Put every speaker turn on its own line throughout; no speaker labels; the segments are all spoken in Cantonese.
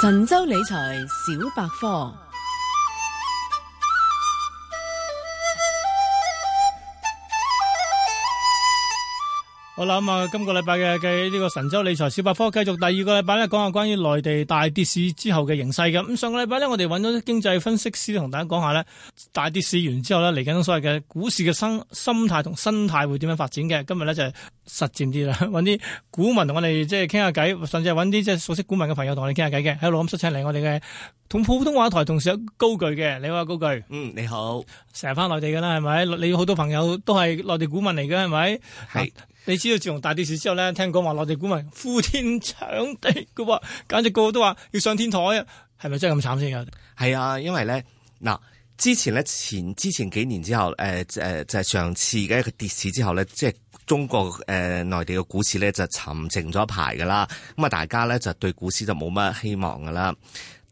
神州理財小百科。
我諗啊，今個禮拜嘅嘅呢個神州理財小百科繼續第二個禮拜呢，講下關於內地大跌市之後嘅形勢嘅。咁上個禮拜呢，我哋揾咗經濟分析師同大家講下呢，大跌市完之後呢，嚟緊所謂嘅股市嘅心心態同生態會點樣發展嘅？今日呢，就係、是、實戰啲啦，揾啲股民同我哋即係傾下偈，甚至係揾啲即係熟悉股民嘅朋友同我哋傾下偈嘅。喺度咁，想請嚟我哋嘅同普通話台同事高炬嘅，你好高炬，嗯，你好，成日翻內地噶啦，係咪？你好多朋友都係內地股民嚟嘅，係咪？係。你知道自從大跌市之後咧，聽講話內地股民呼天搶地嘅，簡直個個都話要上天台啊！係咪真係咁慘先嘅？
係啊，因為咧，嗱，之前咧前之前幾年之後，誒誒就係上次嘅一個跌市之後咧，即係中國誒內地嘅股市咧就沉靜咗一排噶啦，咁啊大家咧就對股市就冇乜希望噶啦。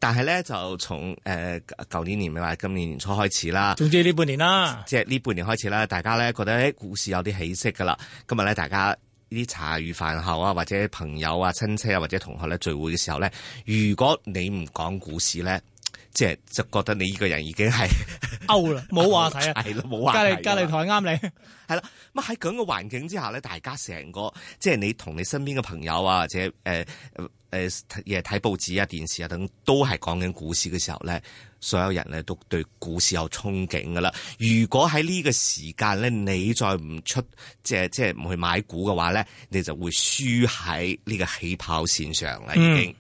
但係咧，就從誒舊年年尾或者今年年初開始啦。總之呢半年啦，即係呢半年開始啦，大家咧覺得啲股市有啲起色噶啦。今日咧，大家呢啲茶餘飯後啊，或者朋友啊、親戚啊或者同學咧聚會嘅時候咧，如果你唔講股市咧，即係就覺得你呢個人已經係。 歐啦，冇話睇啊，係咯，冇話。隔籬隔籬台啱你。係啦，咁喺咁嘅環境之下咧，大家成個即係你同你身邊嘅朋友啊，或者誒誒，亦係睇報紙啊、電視啊等，都係講緊股市嘅時候咧，所有人咧都對股市有憧憬噶啦。如果喺呢個時間咧，你再唔出，即係即係唔去買股嘅話咧，你就會輸喺呢個起跑線上啦已經。嗯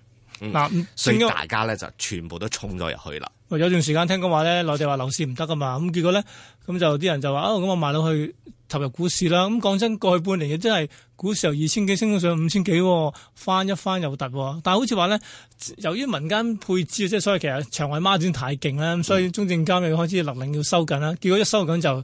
嗱，嗯、大家咧在就全部都衝咗入去啦。
有段時間聽講話咧，內地話樓市唔得噶嘛，咁結果咧，咁就啲人就話哦，咁我賣到去投入股市啦。咁講真，過去半年亦真係股市由二千幾升到上五千幾，翻一翻又突、哦。但係好似話呢，由於民間配置即係，所謂其實場外孖展太勁啦，所以中證監又開始勒令要收緊啦。結果一收緊就。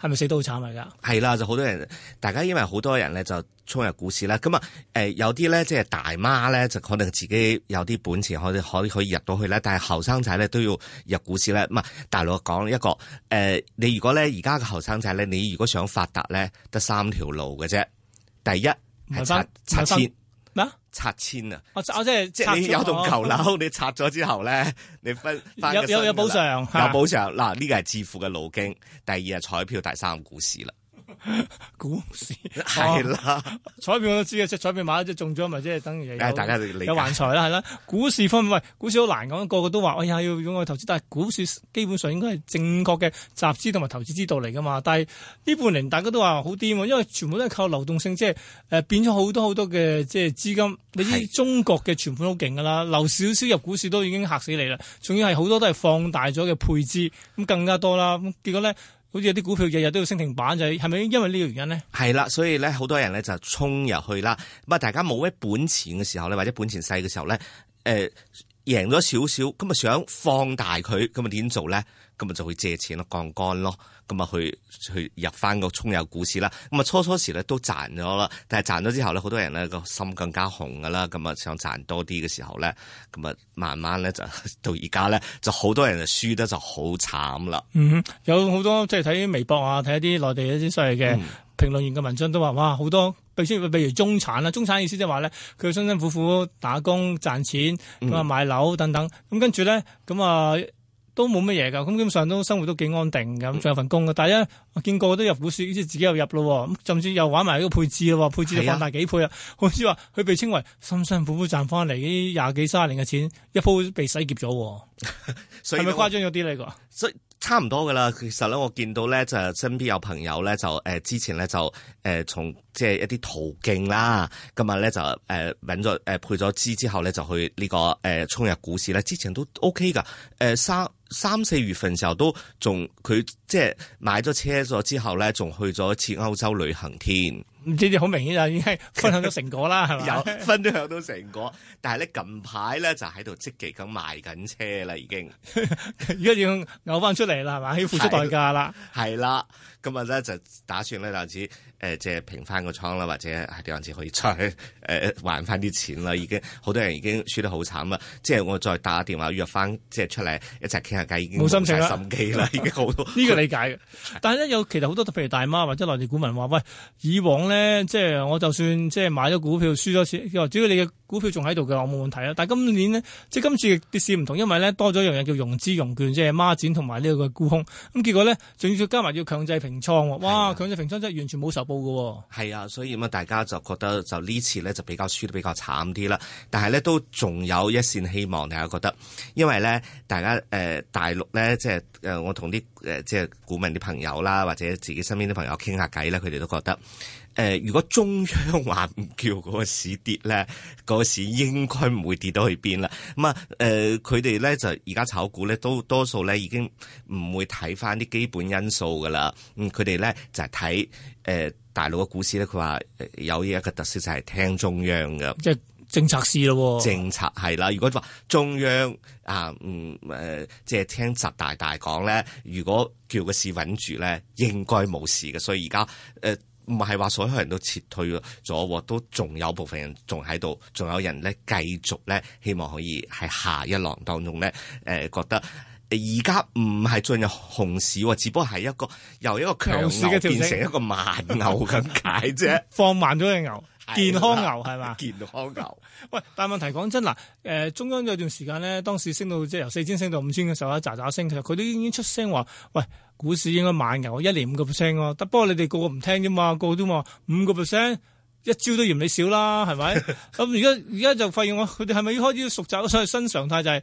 係咪死到好慘嚟、啊、噶？
係啦，就好多人，大家因為好多人咧就衝入股市啦。咁、呃、啊，誒有啲咧即係大媽咧，就可能自己有啲本錢可以，可可可以入到去咧。但係後生仔咧都要入股市咧。咁啊，大佬講一個誒、呃，你如果咧而家嘅後生仔咧，你如果想發達咧，得三條路嘅啫。第一係七七千。咩啊？拆遷啊！我即係即係你有棟舊樓，哦、你拆咗之後咧，你分有有有補償，有補償。嗱，呢個係致富嘅路徑，第二係彩票，第三股市啦。
股市係啦，彩票我都知嘅，即係彩票買咗即係中咗，咪即係等於係有大家有橫財啦，係啦。股市方面，喂，股市好難講，個個都話，哎呀，要用解投資？但係股市基本上應該係正確嘅集資同埋投資之道嚟噶嘛。但係呢半年大家都話好癲，因為全部都係靠流動性，即係誒變咗好多好多嘅即係資金。的你知中國嘅存款好勁噶啦，留少少入股市都已經吓死你啦。仲要係好多都係放大咗嘅配資，咁更加多啦。咁結果呢。好似有啲股票日日都要升停板，就係，係咪因為呢個原因咧？
係啦，所以咧好多人咧就衝入去啦。咁啊，大家冇咩本錢嘅時候咧，或者本錢細嘅時候咧，誒、呃。贏咗少少，咁啊想放大佢，咁啊點做咧？咁啊就去借錢咯，槓桿咯，咁啊去去入翻個衝入股市啦。咁啊初初時咧都賺咗啦，但係賺咗之後咧，好多人咧個心更加紅噶啦，咁啊想賺多啲嘅時候咧，咁啊慢慢咧就到而家咧就好多人就輸得就好慘啦。嗯，
有好多即係睇微博啊，睇一啲內地一啲所謂嘅評論員嘅文章都話哇好多。俾先，譬如中產啦，中產意思即係話咧，佢辛辛苦苦打工賺錢，咁啊買樓等等，咁、嗯、跟住咧，咁、嗯、啊都冇乜嘢噶，咁基本上都生活都幾安定咁，仲有份工嘅。但係咧，見個個都入股市，自己又入咯，咁甚至又玩埋呢個配置咯，配置就放大幾倍啊。好似話佢被稱為辛辛苦苦賺翻嚟啲廿幾卅年嘅錢，一鋪被洗劫咗，係咪 以誇張咗啲嚟㗎？
差唔多噶啦，其實咧，我見到咧就身邊有朋友咧就誒、呃、之前咧就誒從即係一啲途徑啦，今日咧就誒揾咗誒配咗資之後咧就去呢、呢個誒衝、呃、入股市咧，之前都 OK 噶，誒三三四月份時候都仲佢。即係買咗車咗之後咧，仲去咗一次歐洲旅行添。唔知好明顯就已經分享到成果啦，係嘛？有分享到成果，但係咧近排咧就喺度積極咁賣緊車啦，已經。如果要嘔翻出嚟啦，係嘛？要付出代價啦。係啦，咁啊咧就打算咧暫時誒即係平翻個倉啦，或者係點樣先可以再誒還翻啲錢啦。已經好多人已經輸得好慘啦，即係我再打電話約翻即係出嚟一齊傾下偈，已經冇心機啦，已經好多
呢個。理解嘅，但係咧有其實好多譬如，大媽或者內地股民話：喂，以往咧，即係我就算即係買咗股票輸咗錢，佢話只要你嘅。股票仲喺度嘅，我冇問題啦。但係今年呢，即係今次跌市唔同，因為咧多咗一樣嘢叫融資融券，即係孖展同埋呢個沽空。咁結果咧，仲要加埋要強制平倉，哇！啊、強制平倉真係完全冇受報嘅。
係啊，所以咁啊，大家就覺得，就呢次咧就比較輸得比較慘啲啦。但係咧都仲有一線希望，大家覺得，因為咧大家誒、呃、大陸咧即係誒我同啲誒即係股民啲朋友啦，或者自己身邊啲朋友傾下偈咧，佢哋都覺得。誒、呃，如果中央話唔叫嗰個市跌咧，嗰、嗰個市應該唔會跌到去邊啦。咁、呃、啊，誒，佢哋咧就而家炒股咧都多數咧已經唔會睇返啲基本因素噶啦。咁佢哋咧就係睇誒，大陸嘅股市咧，佢話有嘢一個特色就係聽中央嘅，即係政策市咯。政策係啦。如果話中央啊，嗯，誒、呃，即係聽習大大講咧，如果叫個市穩住咧，應該冇事嘅。所以而家誒。呃唔係話所有人都撤退咗，都仲有部分人仲喺度，仲有人咧繼續咧希望可以喺下一浪當中咧，誒、呃、覺得誒而家唔係進入熊市，只不過係一個由一個強勢嘅變成一個慢牛咁解啫，
放慢咗隻牛。健康牛係咪？健康牛，康牛 喂！但係問題講真嗱，誒、呃，中央有段時間咧，當時升到即係由四千升到五千嘅時候，一咋咋升，其實佢都已經出聲話：，喂，股市應該慢牛，一年五個 percent 咯。不過你哋個個唔聽啫嘛，個個都話，五個 percent 一朝都嫌你少啦，係咪？咁而家而家就發現我佢哋係咪要開始熟習咗所以新常態，就係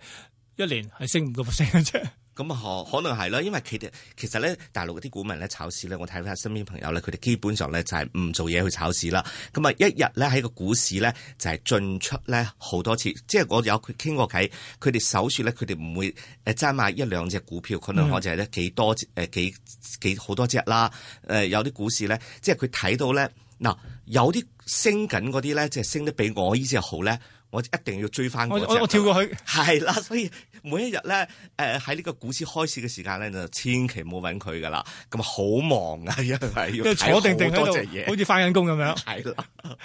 一年係升五個 percent 嘅啫。
咁可可能係啦，因為佢哋其實咧，大陸嗰啲股民咧炒市咧，我睇翻身邊朋友咧，佢哋基本上咧就係唔做嘢去炒市啦。咁啊，一日咧喺個股市咧就係進出咧好多次，即係我有傾過偈，佢哋手說咧佢哋唔會誒揸買一兩隻股票，可能我就係咧幾多誒幾幾好多隻啦。誒有啲股市咧，即係佢睇到咧，嗱有啲升緊嗰啲咧，即係升得比我意思又好咧。我一定要追翻嗰我，我跳過去，係啦，所以每一日咧，誒喺呢個股市開市嘅時間咧，就千祈唔好搵佢噶啦。咁好忙啊，因為要坐定定多喺嘢， 好似翻緊工咁樣。係
啦的，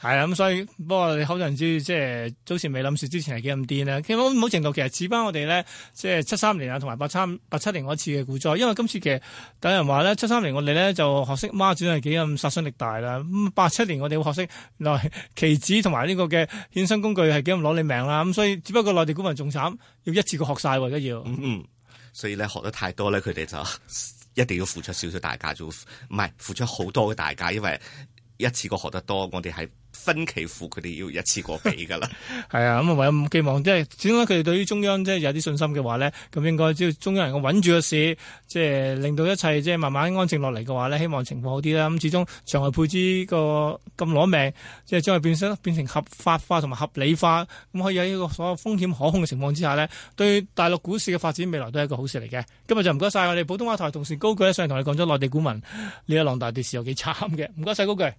係啦， 咁所以不過好多人知，即係早前未諗住之前係幾咁癲啦。其實某程度，其實似翻我哋咧，即係七三年啊，同埋八三、八七年嗰次嘅股災，因為今次其實有人話咧，七三年我哋咧就學識孖展係幾咁殺傷力大啦，嗯。八七年我哋會學識嗱期指同埋呢個嘅衍生工具係幾唔攞你命啦，咁所以只不過內地股民仲慘，要一次過學晒而家要。嗯嗯，
所以咧學得太多咧，佢哋就一定要付出少少代價，就唔係付出好多嘅代價，因為一次過學得多，我哋係。分期付佢哋要一次過俾噶啦，
係 啊，咁啊唯有寄望即係始終咧，佢哋對於中央即係有啲信心嘅話呢，咁應該只要中央能夠穩住個市，即係令到一切即係慢慢安靜落嚟嘅話呢，希望情況好啲啦。咁始終場外配資個咁攞命，即係將佢變身變成合法化同埋合理化，咁可以喺呢個所有風險可控嘅情況之下咧，對大陸股市嘅發展未來都係一個好事嚟嘅。今日就唔該晒我哋普通話台同事高炬咧，上台同你講咗內地股民呢一浪大跌市有幾慘嘅，唔該晒高炬。